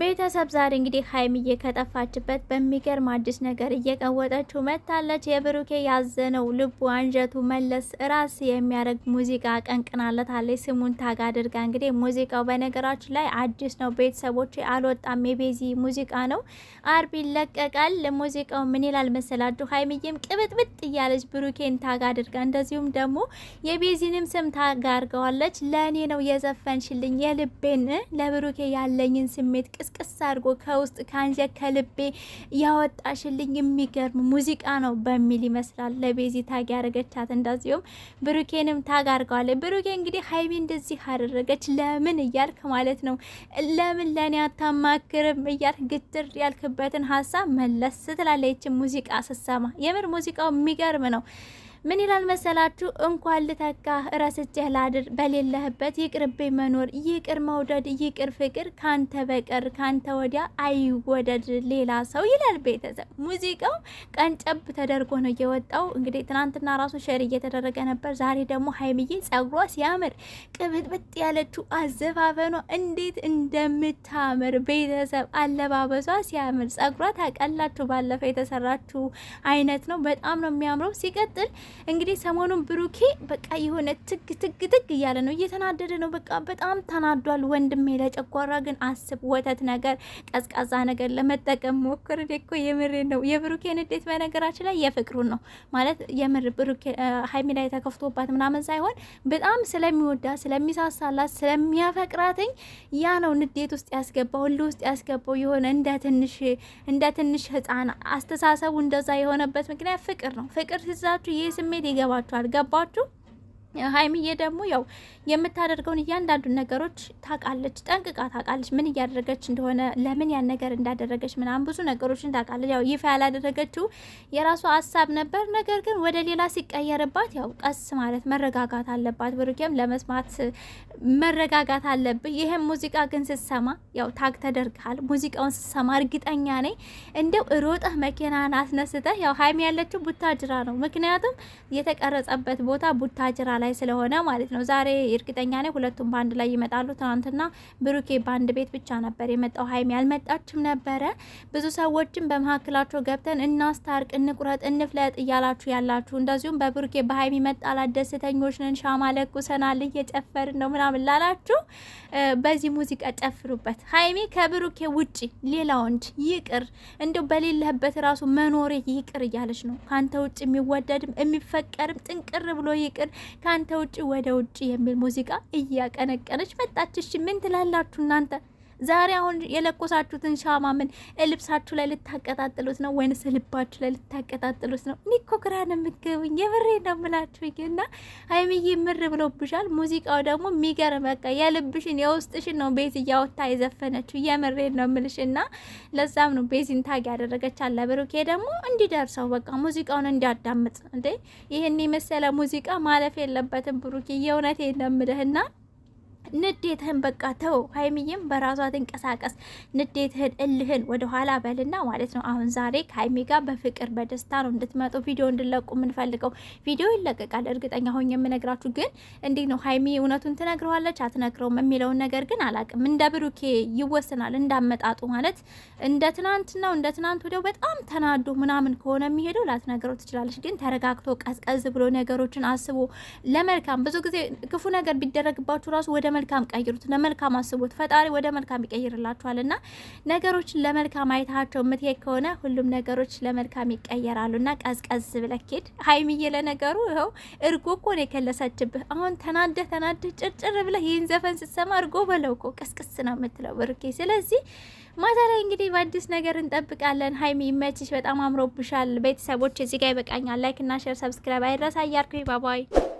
ቤተሰብ ዛሬ እንግዲህ ሀይሚዬ ከጠፋችበት በሚገርም አዲስ ነገር እየቀወጠችው መታለች። የብሩኬ ያዘነው ልቡ አንጀቱ መለስ ራስ የሚያደርግ ሙዚቃ ቀንቅናለታለች። ስሙን ታጋ አድርጋ እንግዲህ ሙዚቃው በነገራችን ላይ አዲስ ነው ቤተሰቦች፣ አልወጣም የቤዚ ሙዚቃ ነው። አርብ ይለቀቃል። ሙዚቃው ምን ይላል መሰላችሁ? ሀይሚዬም ቅብጥብጥ እያለች ብሩኬን ታጋ አድርጋ እንደዚሁም ደግሞ የቤዚንም ስም ታጋ አድርገዋለች። ለእኔ ነው የዘፈንሽልኝ የልቤን ለብሩኬ ያለኝን ስሜት ቅስቅስ አድርጎ ከውስጥ ከአንጀ ከልቤ ያወጣሽልኝ የሚገርም ሙዚቃ ነው በሚል ይመስላል ለቤዚ ታግ ያደረገቻት። እንደዚሁም ብሩኬንም ታግ አድርገዋለች። ብሩኬ እንግዲህ ሀይሚ እንደዚህ አደረገች ለምን እያልክ ማለት ነው ለምን ለእኔ አታማክርም እያልክ ግትር ያልክበትን ሀሳብ መለስ ስትላለች ሙዚቃ ስሰማ የምር ሙዚቃው የሚገርም ነው። ምን ይላል መሰላችሁ? እንኳን ልተካ ረስቼህ ላድር፣ በሌለህበት ይቅርብኝ መኖር፣ ይቅር መውደድ፣ ይቅር ፍቅር፣ ካንተ በቀር ካንተ ወዲያ አይወደድ ሌላ ሰው ይላል። ቤተሰብ ሙዚቃው ቀንጨብ ተደርጎ ነው የወጣው። እንግዲህ ትናንትና ራሱ ሸር እየተደረገ ነበር። ዛሬ ደግሞ ሀይምዬ ጸጉሯ ሲያምር ቅብጥብጥ ያለችው አዘፋፈኗ እንዴት እንደምታምር ቤተሰብ አለባበሷ ሲያምር ጸጉሯ ታቀላችሁ ባለፈው የተሰራችሁ አይነት ነው። በጣም ነው የሚያምረው። ሲቀጥል እንግዲህ ሰሞኑን ብሩኬ በቃ የሆነ ትግ ትግ ትግ እያለ ነው፣ እየተናደደ ነው። በቃ በጣም ተናዷል ወንድሜ። ለጨጓራ ግን አስብ፣ ወተት ነገር፣ ቀዝቃዛ ነገር ለመጠቀም ሞክር። እኮ የምሬ ነው። የብሩኬ ንዴት በነገራችን ላይ የፍቅሩን ነው ማለት የምር ብሩኬ ሀይሚ ላይ ተከፍቶባት ምናምን ሳይሆን በጣም ስለሚወዳ ስለሚሳሳላት ስለሚያፈቅራትኝ ያ ነው ንዴት ውስጥ ያስገባው ሁሉ ውስጥ ያስገባው የሆነ እንደ ትንሽ እንደ ትንሽ ህፃን አስተሳሰቡ እንደዛ የሆነበት ምክንያት ፍቅር ነው። ፍቅር ሲዛችሁ ይህ ስሜት ይገባችኋል። ገባችሁ? ሀይሚዬ ደግሞ ያው የምታደርገውን እያንዳንዱን ነገሮች ታውቃለች፣ ጠንቅቃ ታውቃለች፣ ምን እያደረገች እንደሆነ ለምን ያን ነገር እንዳደረገች ምናምን ብዙ ነገሮችን ታውቃለች። ያው ይፋ ያላደረገችው የራሷ ሀሳብ ነበር። ነገር ግን ወደ ሌላ ሲቀየርባት ያው ቀስ ማለት መረጋጋት አለባት። ብሩኬም ለመስማት መረጋጋት አለብህ። ይህም ሙዚቃ ግን ስትሰማ ያው ታግ ተደርግሃል። ሙዚቃውን ስትሰማ እርግጠኛ ነኝ እንደው ሮጠህ መኪናን አስነስተህ ያው ሀይሚ ያለችው ቡታጅራ ነው። ምክንያቱም የተቀረጸበት ቦታ ቡታጅራ ላይ ስለሆነ ማለት ነው። ዛሬ እርግጠኛ ነኝ ሁለቱም በአንድ ላይ ይመጣሉ። ትናንትና ብሩኬ በአንድ ቤት ብቻ ነበር የመጣው፣ ሀይሚ አልመጣችም ነበረ። ብዙ ሰዎችም በመካከላቸው ገብተን እናስታርቅ፣ እንቁረጥ፣ እንፍለጥ እያላችሁ ያላችሁ እንደዚሁም በብሩኬ በሀይሚ መጣላት ደስተኞች ነን፣ ሻማ ለኩሰናል፣ እየጨፈርን ነው ምናምን ላላችሁ በዚህ ሙዚቃ ጨፍሩበት። ሀይሚ ከብሩኬ ውጪ ሌላ ወንድ ይቅር፣ እንዲሁ በሌለህበት ራሱ መኖሬ ይቅር እያለች ነው። ከአንተ ውጭ የሚወደድም የሚፈቀርም ጥንቅር ብሎ ይቅር፣ ከአንተ ውጭ ወደ ውጭ የሚል ሙዚቃ እያቀነቀነች መጣችሽ። ምን ትላላችሁ እናንተ? ዛሬ አሁን የለኮሳችሁትን ሻማ ምን ልብሳችሁ ላይ ልታቀጣጥሉት ነው ወይንስ ልባችሁ ላይ ልታቀጣጥሉት ነው? እኔ እኮ ግራ ነው የምትገቡኝ። የብሬ ነው ምላችሁ እና ሀይሚዬ ምር ብሎብሻል። ሙዚቃው ደግሞ የሚገርም በቃ የልብሽን የውስጥሽን ነው ቤት እያወታ የዘፈነችው። የምሬ ነው ምልሽ እና ለዛም ነው ቤዚን ታግ ያደረገች አለ ብሩኬ ደግሞ እንዲደርሰው በቃ ሙዚቃውን እንዲያዳምጥ እንዴ ይህን የመሰለ ሙዚቃ ማለፍ የለበትም ብሩኬ የእውነቴን ነው የምልህ እና ንዴትህን በቃ ተው። ሀይሚዬም በራሷ ትንቀሳቀስ። ንዴትህን እልህን ወደኋላ በልና ማለት ነው። አሁን ዛሬ ከሀይሚ ጋር በፍቅር በደስታ ነው እንድትመጡ ቪዲዮ እንድለቁ የምንፈልገው። ቪዲዮ ይለቀቃል እርግጠኛ ሆኜ የምነግራችሁ። ግን እንዲህ ነው ሀይሚ እውነቱን ትነግረዋለች አትነግረውም የሚለውን ነገር ግን አላቅም። እንደ ብሩኬ ይወስናል እንዳመጣጡ ማለት እንደ ትናንት ነው። እንደ ትናንት ወዲያው በጣም ተናዶ ምናምን ከሆነ የሚሄደው ላትነግረው ትችላለች። ግን ተረጋግቶ ቀዝቀዝ ብሎ ነገሮችን አስቦ ለመልካም ብዙ ጊዜ ክፉ ነገር ቢደረግባችሁ ራሱ ወደ ለመልካም ቀይሩት፣ ለመልካም አስቡት። ፈጣሪ ወደ መልካም ይቀይርላችኋል። ና ነገሮችን ለመልካም አይታቸው የምትሄድ ከሆነ ሁሉም ነገሮች ለመልካም ይቀየራሉ። ና ቀዝቀዝ ብለኬድ ሂድ ሀይሚዬ። ለነገሩ ይኸው እርጎ እኮ ነው የከለሰችብህ። አሁን ተናደህ ተናደህ ጭርጭር ብለህ ይህን ዘፈን ስትሰማ እርጎ በለው እኮ ቅስቅስ ነው የምትለው ብርኬ። ስለዚህ ማታ ላይ እንግዲህ በአዲስ ነገር እንጠብቃለን። ሀይሚ ይመችሽ፣ በጣም አምሮብሻል። ቤተሰቦች እዚህ ጋር ይበቃኛል። ላይክ እና ሼር፣ ሰብስክራይብ አይረሳ እያልኩ ባባይ